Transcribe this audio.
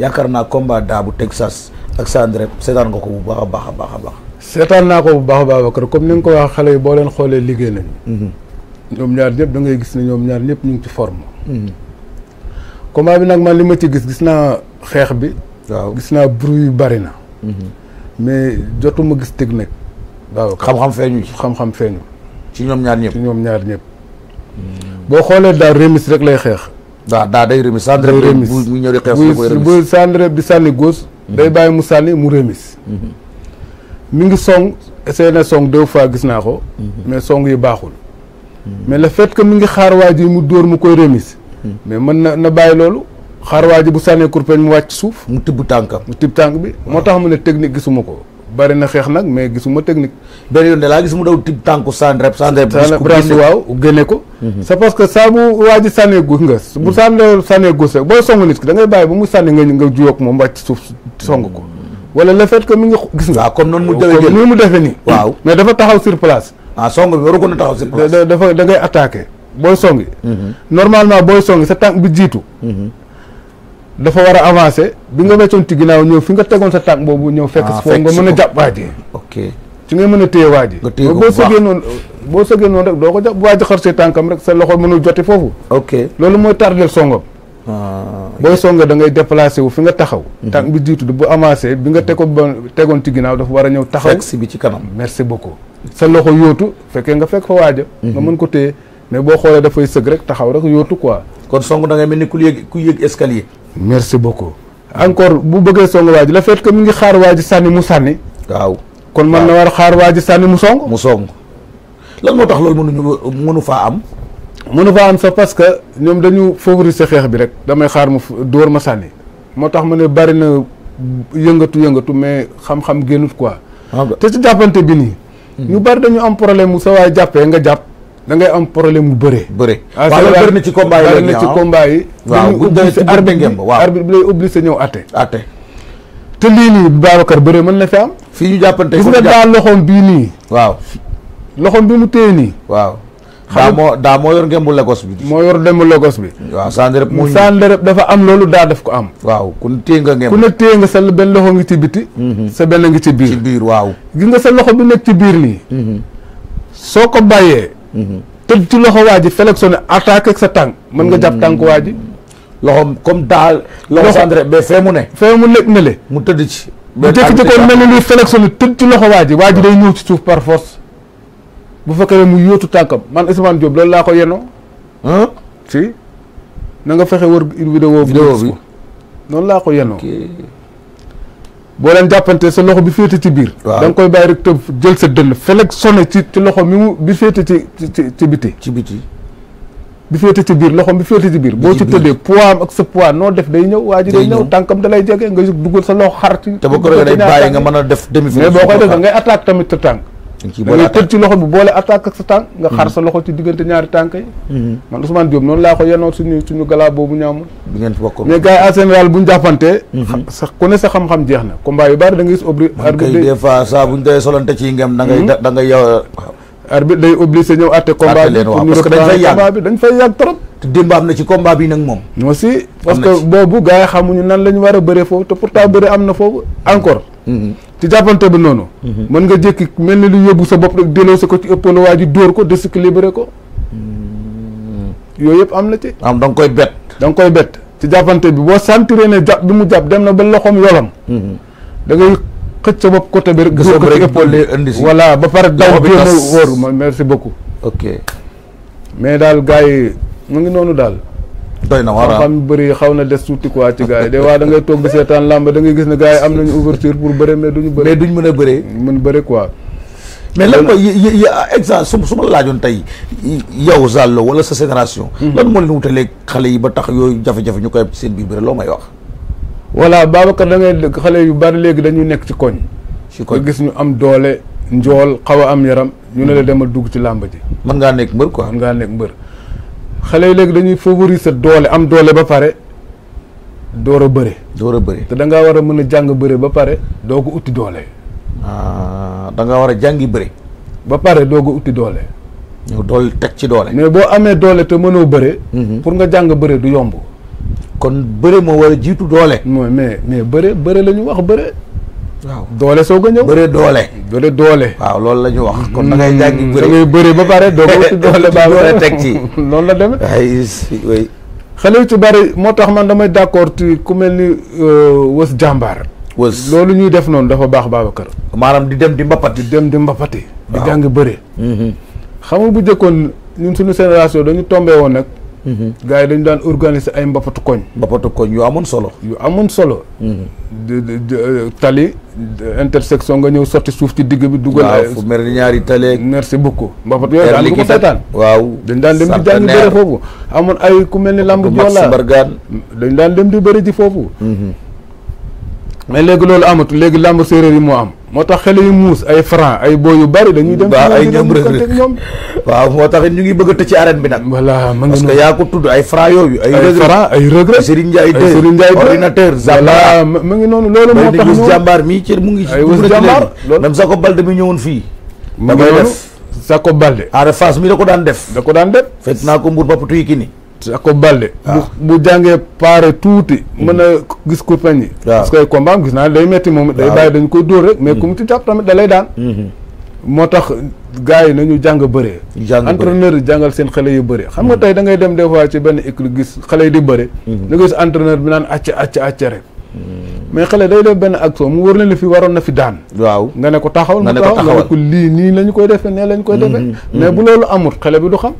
yaakaar naa combat daa bu Texas ak Sandrep seetaan nga ko bu baax a baax a baax a baax. seetaan naa ko bu baax a baax Babacar comme ni nga ko wax xale yi boo leen xoolee liggéey nañu. Mhm. ñoom ñaar ñëpp da ngay gis ne ñoom ñaar ñëpp ñu ngi ci forme. Mhm. combat bi nag man li ma ci gis gis naa xeex bi. waaw gis naa bruit yu bari na. Mhm. mais jotuma gis technique. waaw xam-xam feeñu xam-xam feeñu. ci ñoom ñaar ñëpp ci ñoom ñaar ñëpp. boo xoolee daal remise rek lay xeex. waaw daa day remise sànni rëb bu ñëw di xeex koy remise bu sànni rëb mhm. day bàyyi mu sànni mu remise mhm. mi ngi song essayé na song deux fois gis naa ko mhm. mais song yi baaxul mais le fait que mi ngi xaar waa ji mu dóor mu koy remise mais mën na na bàyyi loolu xaar waa ji bu sànnee kurpeñ mu wàcc suuf mu tibb tànkam mu tibb tànk bi moo tax mu ne technique gisuma ko bari na xeex nag mais gisuma technique. benn yoon de laa gis mu daw tib tànku sànni rek sànni rek. ko. Mhm. c'est parce que bu waa ji sànnee guus nga. bu mhm. sànnee sànnee guus rek booy song nit ki da ngay bàyyi ba mu sànni nga nga juyoog moom wàcc suuf song ko. Mhm. wala le fait que mi ngi gis nga. waaw ah, comme noonu mu jëlee jël mu defee nii. waaw mais dafa taxaw sur place. ah song bi waru ko na taxaw sur place. dafa da ngay attaqué booy songi normalement booy songi sa tànk bi jiitu. dafa war a avancer bi nga weccoon ci ginnaaw ñëw fi nga tegoon sa tànk boobu ñëw fekk si ah, foofu nga mën a jàpp waa ji ok ci nga mën a téye waa ji boo sëgee noonu boo sëgee noonu rek doo ko jàpp waa ji xar see tànkam rek sa loxo mënul joti foofu ok loolu mooy tardel songam ah, booy songa da ngay déplacé wu fi nga taxaw mhm. tànk bi jiitu bu avancé bi nga tegoon ba tegoon ci ginnaaw dafa war a ñëw taxaw fekk si bi ci kanam merci beaucoup sa loxo yóotu fekkee nga fekk fa waaja mhm. nga mën ko téye mais boo xoolee dafay sëg rek taxaw rek yootu quoi kon song da ngay mel ni ku yëg ku yëg escalier merci beaucoup encore bu bëggee song waa ji la fait que mu ngi xaar waa ji sànni mu sànni. waaw kon mën na war a xaar waa ji sànni mu song. mu song lan moo tax loolu mënuñu mënu faa am. mënu faa am sax parce que ñoom dañu favoriser xeex bi rek damay xaar mu dóor ma sànni. moo tax ma ne bari na yëngatu yëngatu mais xam-xam génnut quoi. Ah, te ci jàppante bi nii. Hmm. ñu bari dañu am problème mu sa waay jàppee nga jàpp. da ngay am problème bu bëre. bëre ah, waaw bëri na ci combat yi la ci combat yi. waaw bu dee ci arbitre bi lay ñëw atte. atte te lii nii Babacar bëre mën na fi am. fii ñu jàppante gis nga daa loxoom bii nii. waaw loxoom bi mu téye nii. waaw daa moo daa moo yor ngembu Lagos bi. moo yor ngembu Lagos bi. waaw Sanderep moo Sanderep dafa am loolu daa def ko am. waaw ku ne téye nga ngemb ku ne téye sa benn loxo ngi ci biti. Mhm. sa benn ngi ci biir biir waaw. gis nga sa loxo bi nekk ci biir nii. Mhm. soo ko bàyyee tëj ci loxo waa ji flexionné attaqué sa tànk mën nga jàpp tànk waa ji loxo comme daal loxo sandre ba fee mu ne fee mu nekk ne le mu tëdd ci bu jékki-jékkoon mel ni luy flexionné tëj ci loxo waa ji waa ji day ñëw ci suuf par force bu fekkee mu yóotu tànkam man Ousmane Diop loolu laa ko yenoo si na nga fexe wër vidéo bi noonu laa ko yenoo boo leen jàppante sa loxo bi féete ci biir. da nga koy bàyyi rek te jël sa dënn feleg sonné ci loxo mi mu bi féete ci ci biti. ci biti. bi féete ci biir loxom bi féete ci biir. boo ci tëddee poids am ak sa poids noo def day ñëw. waa ji day ñëw tànkam da lay jege nga dugal sa loxo xar ci. te ba day bàyyi nga mën a def demi mais boo koy defee ngay attaque tamit sa tànk. dañ ciy boole attaque ci loxo bi boole attaque ak sa tànk. nga xar mm. sa loxo ci diggante ñaari tànk yi. Mm-hmm. man Ousmane Diop noonu laa ko yenoo suñu galaa boobu ñaamu. bi ngeen yi en bu ñu mm-hmm. ku ne sa xam-xam jeex na combat yu bari da gis. obli arbitre kay da ngay mm-hmm. da ngay yow. Euh, arbitre day obligé ñëw àtte combat bi pour ñu combat bi dañ fay yàgg trop te démb na ci combat bi nag moom aussi parce que boobu gars yi xamuñu nan la ñu war a bëree foofu te pourtant bëri am na foofu encore ci jàppante bi noonu. Mm-hmm. mën nga jékki mel ni lu yóbbu sa bopp rek sa ko ci ëppalu waa ji dóor ko déséquilibré ko. Mm-hmm. yooyu yëpp am na ci. am da nga koy bett. da nga koy bett ci jàppante bi boo sentiree ne jàpp bi mu jàpp dem na ba loxoom yolam. Mm-hmm. da ngay xëcc sa bopp côté bi rek. gis ko ci ëppalu indi si voilà ba pare daw jéem a wóor ma merci beaucoup. ok mais daal gars yi mu ngi noonu daal. doy na waar ah. xam bëri xaw na des tuuti quoi ci gars yi des fois da ngay toog di seetaan làmb da ngay gis ne gars yi am nañu ouverture pour bëre mais duñu bëre mais duñ mën a bëree mën bëre quoi mais lan mooy y exemple su su ma la laajoon tey yow Zallo wala sa génération mhm. lan moo leen wutalee xale yi ba tax yooyu jafe-jafe ñu koy seen biir bëre loo may wax voilà Babacar da ngay xale yu bari léegi dañuy nekk ci koñ ci koñ gis ñu am doole njool xaw a am yaram ñu ne la mhm. demal dugg ci làmb ji mën ngaa nekk mbër quoi mën ngaa nekk mbër xale yi léegi dañuy favoriser doole am doole ba pare door a bëre. door a bëre da ngaa war a mën a jàng bëre ba pare doo ko utti doole. Ah, da ngaa war a jàngi bëre. ba pare doo ko utti doole. ñëw dool teg ci doole. mais boo amee doole te mënoo bëre. Mhm. pour nga jàng bëre du yomb. kon bëre moo war a jiitu doole. mooy mais mais bëre bëre la ñu wax bëre. waaw doole soo a ñëw. bëre doole. doole doole. waaw loolu la ñu wax. kon da ngay hmm. jàngi bëre ba pare doo ko ci doole. ba teg ci noonu la demee. ay xale yu ci bari moo tax man damay d'accord ci ku mel ni euh, wës jàmbaar. wës loolu ñuy def noonu dafa baax Babacar. maanaam di dem di mbappat di dem di mbappati di jàngi bëre. Mm-hmm. xam nga bu njëkkoon ñun suñu génération dañu tombee woon nag. gars yi dañu daan organiser ay mbapatu koñ. mbapatu koñ yu amoon solo. yu amoon solo. Mhm. Euh, tali intersection nga ñëw sotti suuf ci digg bi. dugal ay fu mel ñaari tali. merci beaucoup mbapat yooyu daal du ko seetaan. waaw dañ daan dem di jàng bëre foofu. amoon ay ku mel ni lamb joola dañ daan dem di bëri ji foofu. Mhm. mais léegi loolu amatul léegi làmb séeréer yi moo am moo tax xale muus ay franc ay boo yu bari dañuy dem ay ñoom rek ñoom waaw moo tax ñu ngi bëgg a ci arène bi nag voilà ma ngi parce ay franc yooyu ay franc ay regret Serigne Ndiaye deux Serigne Ndiaye deux ngi noonu loolu moo tax ñoom jàmbaar mii ci mu ngi ci wës jàmbaar même Sako Balde mi ñëwoon fii da koy def Sako Balde Ada Fass mi da ko daan def da ko daan def fekk naa ko mbuur papatu yi ki ni Jacob Baldé. Ah. bu bu jàngee paare tuuti. Mm. mën a gis ku peñ yi. parce que combat gis naa day metti moom day ah. bàyyi dañu koy dóor rek. mais mm. ku mu ci jàpp tamit da lay daan. Mm-hmm. moo tax gars yi nañu jàng bëree. jàng entraîneur yi jàngal seen xele yu bëri. xam nga mm. tey da ngay dem des fois ci benn école gis xale yi di bëri. Mm-hmm. nga gis entraîneur bi naan acca acca acca rek. mais xale day def benn action mu war na li fi waroon na fi daan. waaw nga ne ko taxawal mu taxawal nga ne ko lii nii la ñu koy defee nee la ñu koy mm-hmm. defee. mais bu loolu amul xale bi du xam.